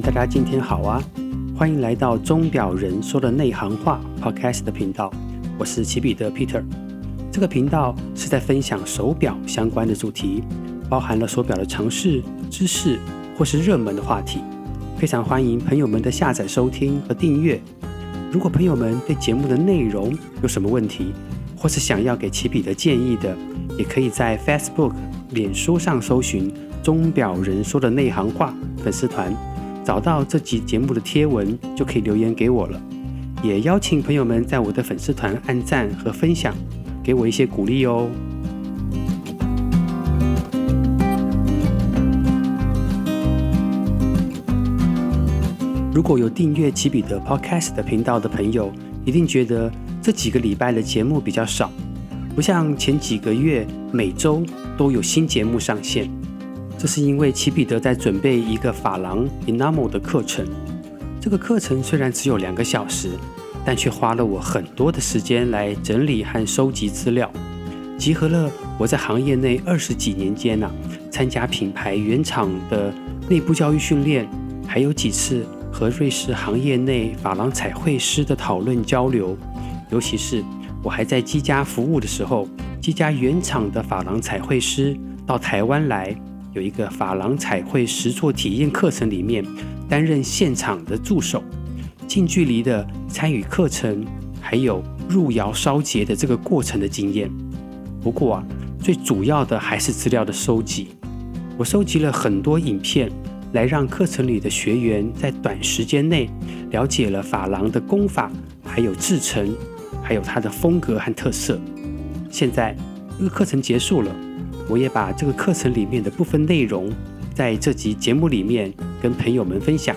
大家今天好啊！歡迎來到《鐘錶人說的內行話》Podcast 的頻道，我是齊彼得 Peter。這個頻道是在分享手表相關的主題，包含了手表的常識、知識或是熱門的話題。非常歡迎朋友們的下載、收聽和訂閱。如果朋友們對節目的內容有什麼問題，或是想要給齊彼得建議的，也可以在 Facebook、臉書上搜尋《鐘錶人說的內行話》粉絲團。找到這集節目的貼文，就可以留言給我了。也邀請朋友們在我的粉絲團按讚和分享，給我一些鼓勵哦。如果有訂閱齊彼得 Podcast 的 Pod 頻道的朋友，一定覺得這幾個禮拜的節目比較少，不像前幾個月每週都有新節目上線。這是因為齊彼得在準備一個珐琅 enamel 的課程。這個課程雖然只有兩個小時，但卻花了我很多的時間來整理和收集資料，集合了我在行業內二十幾年間吶、啊、參加品牌原廠的內部教育訓練，還有幾次和瑞士行業內珐琅彩繪師的討論交流。尤其是我還在積家服務的時候，積家原廠的珐琅彩繪師到台灣來。有一個珐琅彩繪實作體驗課程裡面擔任現場的助手，近距離的參與課程，還有入窯燒結的這個過程的經驗。不過啊，最主要的還是資料的收集。我收集了很多影片，來讓課程裡的學員在短時間內了解了珐琅的工法，還有製程，還有它的風格和特色。現在這個課程結束了。我也把這個課程裡面的部分內容，在這集節目裡面跟朋友們分享。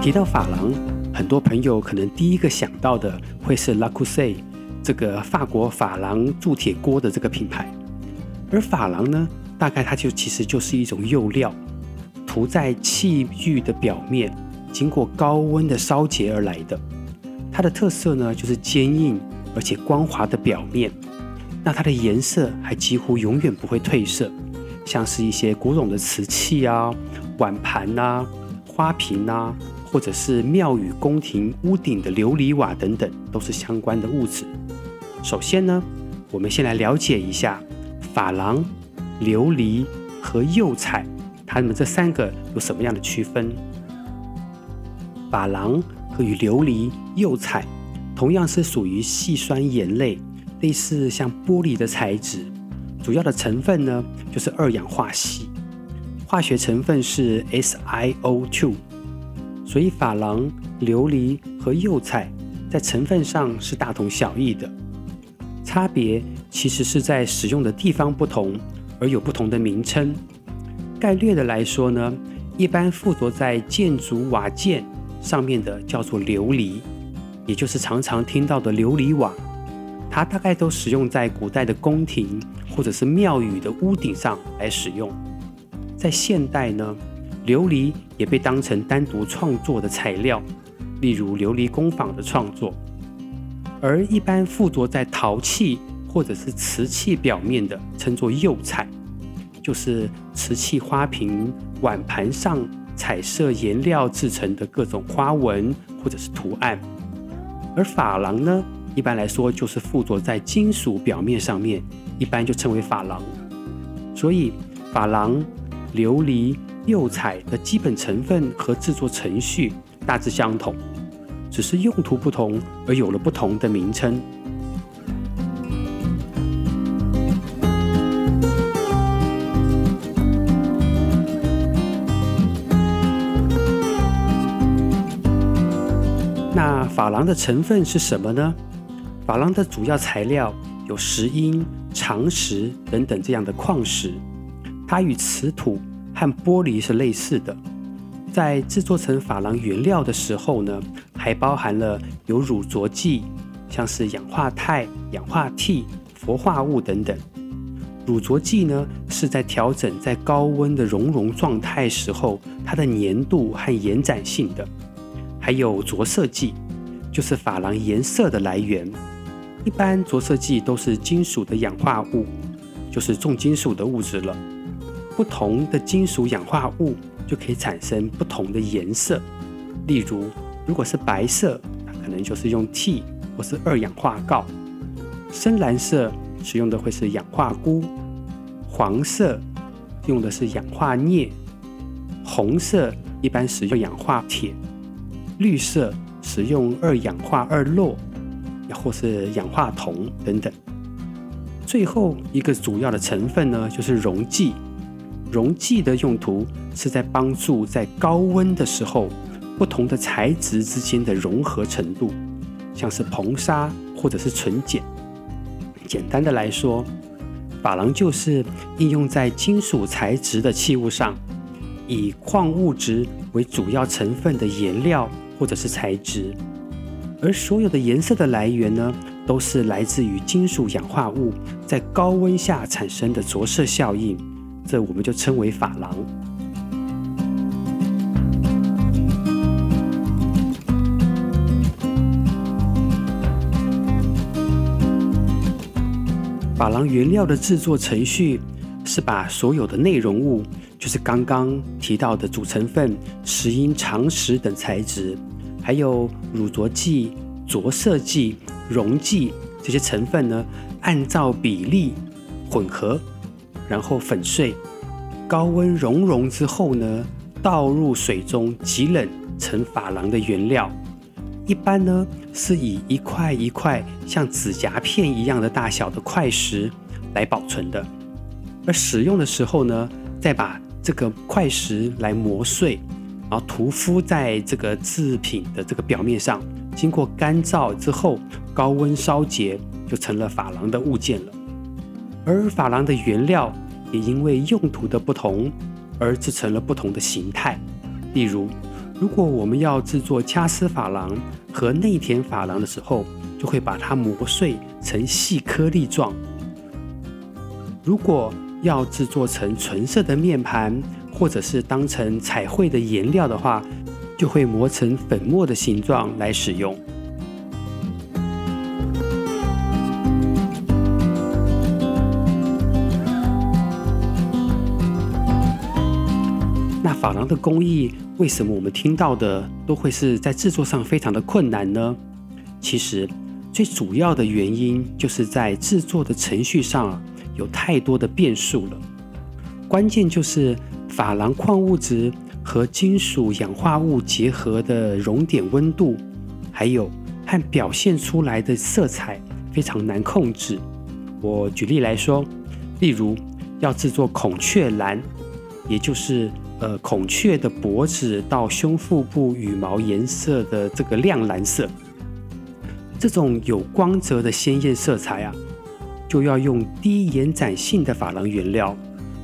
提到珐琅，很多朋友可能第一個想到的會是 Le Creuset 這個法國珐琅鑄鐵鍋的這個品牌。而珐琅呢，大概它就其實就是一種釉料，塗在器具的表面，經過高溫的燒結而來的，它的特色呢，就是堅硬而且光滑的表面。那它的顏色還幾乎永遠不會褪色，像是一些古董的瓷器啊、碗盤吶、啊、花瓶吶、啊，或者是廟宇、宮廷屋頂的琉璃瓦等等，都是相關的物質。首先呢，我們先來了解一下珐琅、琉璃和釉彩，它們這三個有什麼樣的區分？珐琅和琉璃釉彩，同樣是屬於矽酸鹽類，類似像玻璃的材質。主要的成分呢就是二氧化矽，化學成分是 SiO2。所以，珐琅、琉璃和釉彩在成分上是大同小異的，差別其實是在使用的地方不同而有不同的名稱。概略的來說呢，一般附着在建築瓦件，上面的叫做琉璃，也就是常常聽到的琉璃瓦，它大概都使用在古代的宮廷或者是廟宇的屋頂上來使用。在現代呢，琉璃也被當成單獨創作的材料，例如琉璃工坊的創作。而一般附着在陶器或者是瓷器表面的，稱作釉彩，就是瓷器花瓶、碗盤上。彩色顏料製成的各種花紋或者是圖案，而珐琅呢，一般來說就是附着在金屬表面上面，一般就稱為珐琅。所以，珐琅、琉璃、釉彩的基本成分和製作程序大致相同，只是用途不同而有了不同的名稱。那珐琅的成分是什麼呢？珐琅的主要材料有石英、長石等等這樣的礦石，它與瓷土和玻璃是類似的。在制作成珐琅原料的時候呢，還包含了有乳濁劑，像是氧化鈦、氧化銻、氟化物等等。乳濁劑呢，是在調整在高溫的熔融狀態時候它的粘度和延展性的。還有着色劑，就是珐琅顏色的來源。一般着色劑都是金屬的氧化物，就是重金屬的物質了。不同的金屬氧化物就可以產生不同的顏色。例如，如果是白色，它可能就是用銻或是二氧化鋯；深藍色使用的會是氧化鈷；黃色用的是氧化鎳；紅色一般使用氧化鐵。綠色使用二氧化二鉻，或是氧化銅等等。最後一個主要的成分呢，就是溶劑。溶劑的用途是在幫助在高溫的時候，不同的材質之間的融合程度，像是硼砂或者是純鹼。簡單的來說，珐琅就是應用在金屬材質的器物上，以礦物質為主要成分的顏料。或者是材質，而所有的顏色的來源呢，都是來自於金屬氧化物在高溫下產生的着色效應，這我們就稱為珐琅珐琅原料的制作程序，是把所有的內容物，就是剛剛提到的主成分石英、長石等材質，還有乳濁劑、着色劑、溶劑這些成分呢，按照比例混合，然後粉碎，高溫熔融，融之後呢，倒入水中急冷成珐琅的原料。一般呢是以一塊一塊像指甲片一樣的大小的塊石來保存的。而使用的時候呢，再把這個塊石來磨碎，然後塗敷在這個製品的這個表面上，經過乾燥之後，高溫燒結就成了珐琅的物件了。而珐琅的原料也因為用途的不同而製成了不同的形態。例如，如果我們要製作掐絲珐琅和內填珐琅的時候，就會把它磨碎成細顆粒狀。如果要製作成純色的面盤，或者是當成彩繪的顏料的話，就會磨成粉末的形狀來使用。 那珐琅的工藝，為什麼我們聽到的都會是在製作上非常的困難呢？其實最主要的原因就是在製作的程序上。有太多的變數了，關鍵就是珐琅礦物質和金屬氧化物結合的熔點溫度，還有和表現出來的色彩非常難控制。我舉例來說，例如要制作孔雀藍，也就是呃孔雀的脖子到胸腹部羽毛顏色的這個亮藍色，這種有光澤的鮮豔色彩啊。就要用低延展性的珐琅原料，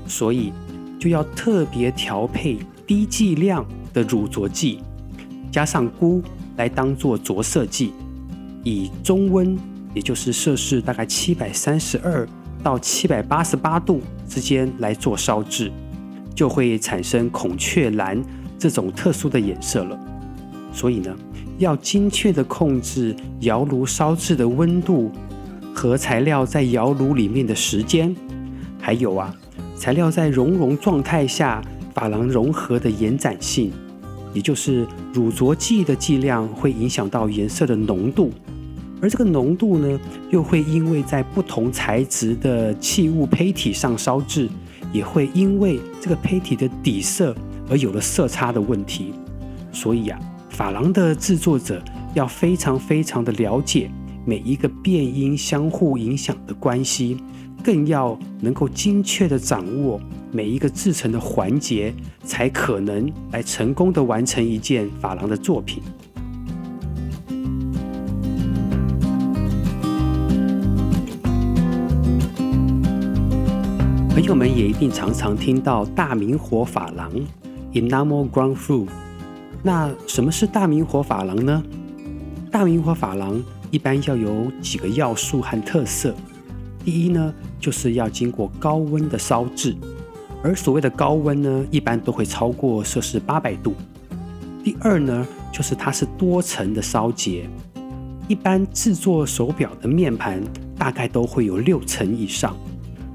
所以就要特別調配低劑量的乳濁劑，加上鈷來當做着色劑，以中溫，也就是攝氏大概七百三十二到七百八十八度之間來做燒製，就會產生孔雀藍這種特殊的顏色了。所以呢，要精確地控制窯爐燒製的溫度。和材料在窯爐裡面的時間，還有啊，材料在熔融狀態下珐琅融合的延展性，也就是乳濁劑的劑量，會影響到顏色的濃度，而這個濃度呢，又會因為在不同材質的器物胚體上燒制，也會因為這個胚體的底色而有了色差的問題，所以啊，珐琅的制作者要非常非常的了解。每一個變因相互影響的關係，更要能夠精確地掌握每一個製程的環節，才可能來成功地完成一件珐琅的作品。朋友們也一定常常聽到大明火珐琅，Enamel Grand Feu。 Food. 那什麼是大明火珐琅呢？大明火珐琅。一般要有幾個要素和特色。第一呢，就是要經過高溫的燒制，而所謂的高溫呢，一般都會超過攝氏八百度。第二呢，就是它是多層的燒結，一般制作手表的面盤大概都會有六層以上，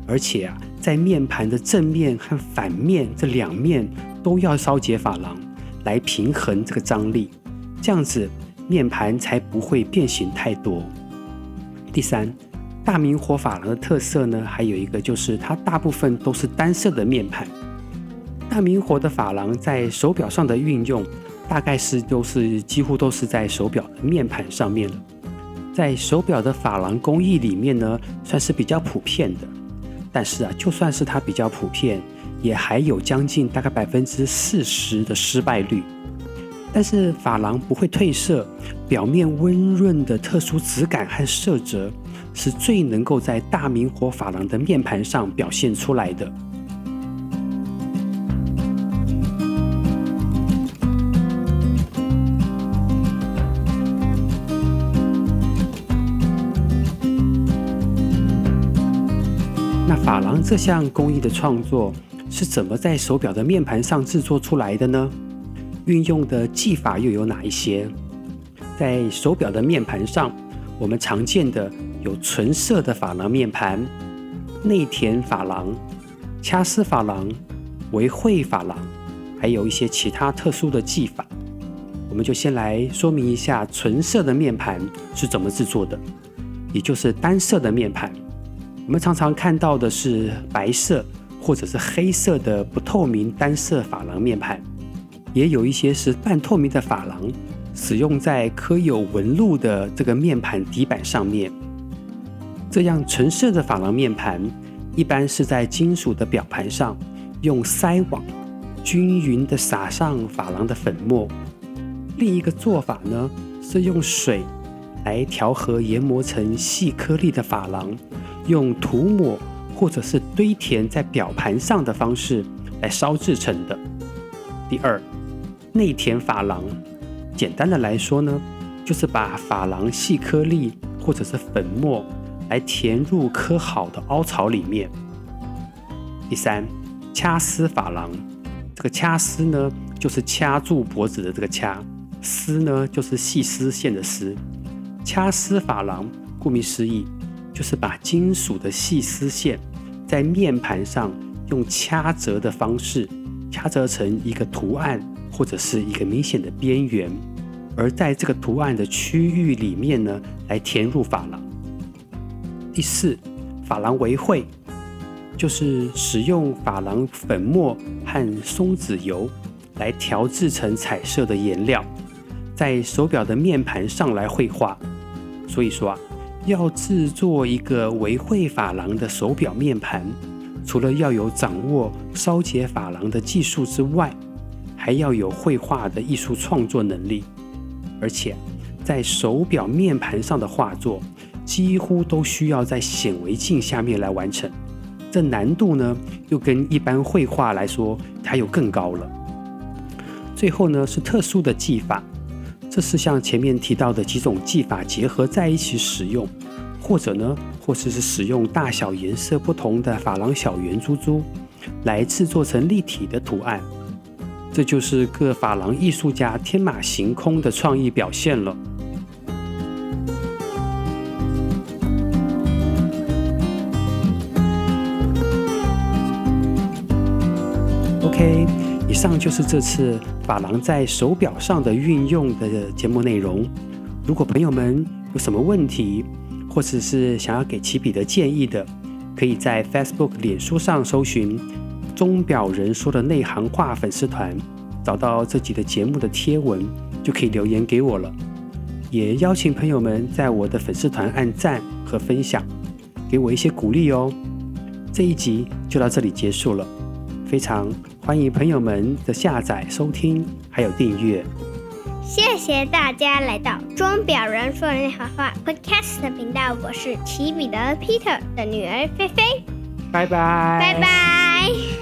而且啊，在面盤的正面和反面這兩面都要燒結珐琅來平衡這個張力，這樣子。面盤才不會變形太多。第三，大明火珐琅的特色呢，還有一個就是它大部分都是單色的面盤。大明火的珐琅在手表上的運用，大概是都是幾乎都是在手表的面盤上面了。在手表的珐琅工藝裡面呢，算是比較普遍的。但是啊，就算是它比較普遍，也還有將近大概百分之四十的失敗率。但是珐琅不會褪色，表面溫潤的特殊質感和色澤，是最能夠在大明火珐琅的面盤上表現出來的。那珐琅這項工藝的創作，是怎麼在手表的面盤上制作出來的呢？運用的技法又有哪一些？在手錶的面盤上，我們常見的有純色的珐琅面盤、內填珐琅、掐絲珐琅、微繪琺瑯，還有一些其他特殊的技法。我們就先來說明一下純色的面盤是怎麼制作的，也就是單色的面盤。我們常常看到的是白色或者是黑色的不透明單色珐琅面盤。也有一些是半透明的珐琅，使用在刻有紋路的這個面盤底板上面。這樣純色的珐琅面盤，一般是在金屬的表盤上，用篩網均勻地撒上珐琅的粉末。另一個做法呢，是用水來調和研磨成細顆粒的珐琅，用塗抹或者是堆填在表盤上的方式來燒制成的。第二。內填珐琅，簡單的來說呢，就是把珐琅細顆粒或者是粉末來填入刻好的凹槽裡面。第三，掐絲珐琅，這個掐絲呢，就是掐住脖子的這個掐，絲呢，就是細絲線的絲。掐絲珐琅，顧名思義，就是把金屬的細絲線在面盤上用掐折的方式掐折成一個圖案。或者是一個明顯的邊緣，而在這個圖案的區域裡面呢，來填入珐琅。第四，珐琅微繪，就是使用珐琅粉末和松子油來調制成彩色的顏料，在手錶的面盤上來繪畫。所以說啊，要製作一個微繪珐琅的手錶面盤，除了要有掌握燒結珐琅的技術之外，還要有繪畫的藝術創作能力，而且，在手錶面盤上的畫作幾乎都需要在顯微鏡下面來完成，這難度呢又跟一般繪畫來說，它又更高了。最後呢，是特殊的技法，這是像前面提到的幾種技法結合在一起使用，或者呢，或者是使用大小顏色不同的珐琅小圓珠珠來制作成立體的圖案。這就是各琺瑯藝術家天馬行空的創意表現了。OK，以上就是這次珐琅在手表上的運用的節目內容。如果朋友們有什麼問題，或者是想要給齊彼得建議的，可以在 Facebook 臉書上搜尋。鐘錶人說的內行話粉絲團，找到這集的節目的貼文，就可以留言給我了。也邀請朋友們在我的粉絲團按讚和分享，給我一些鼓勵哦。這一集就到這裡結束了，非常歡迎朋友們的下載、收聽還有訂閱。謝謝大家來到鐘錶人說的內行話 Podcast 的頻道，我是齊彼得 Peter 的女兒菲菲，拜拜，拜拜。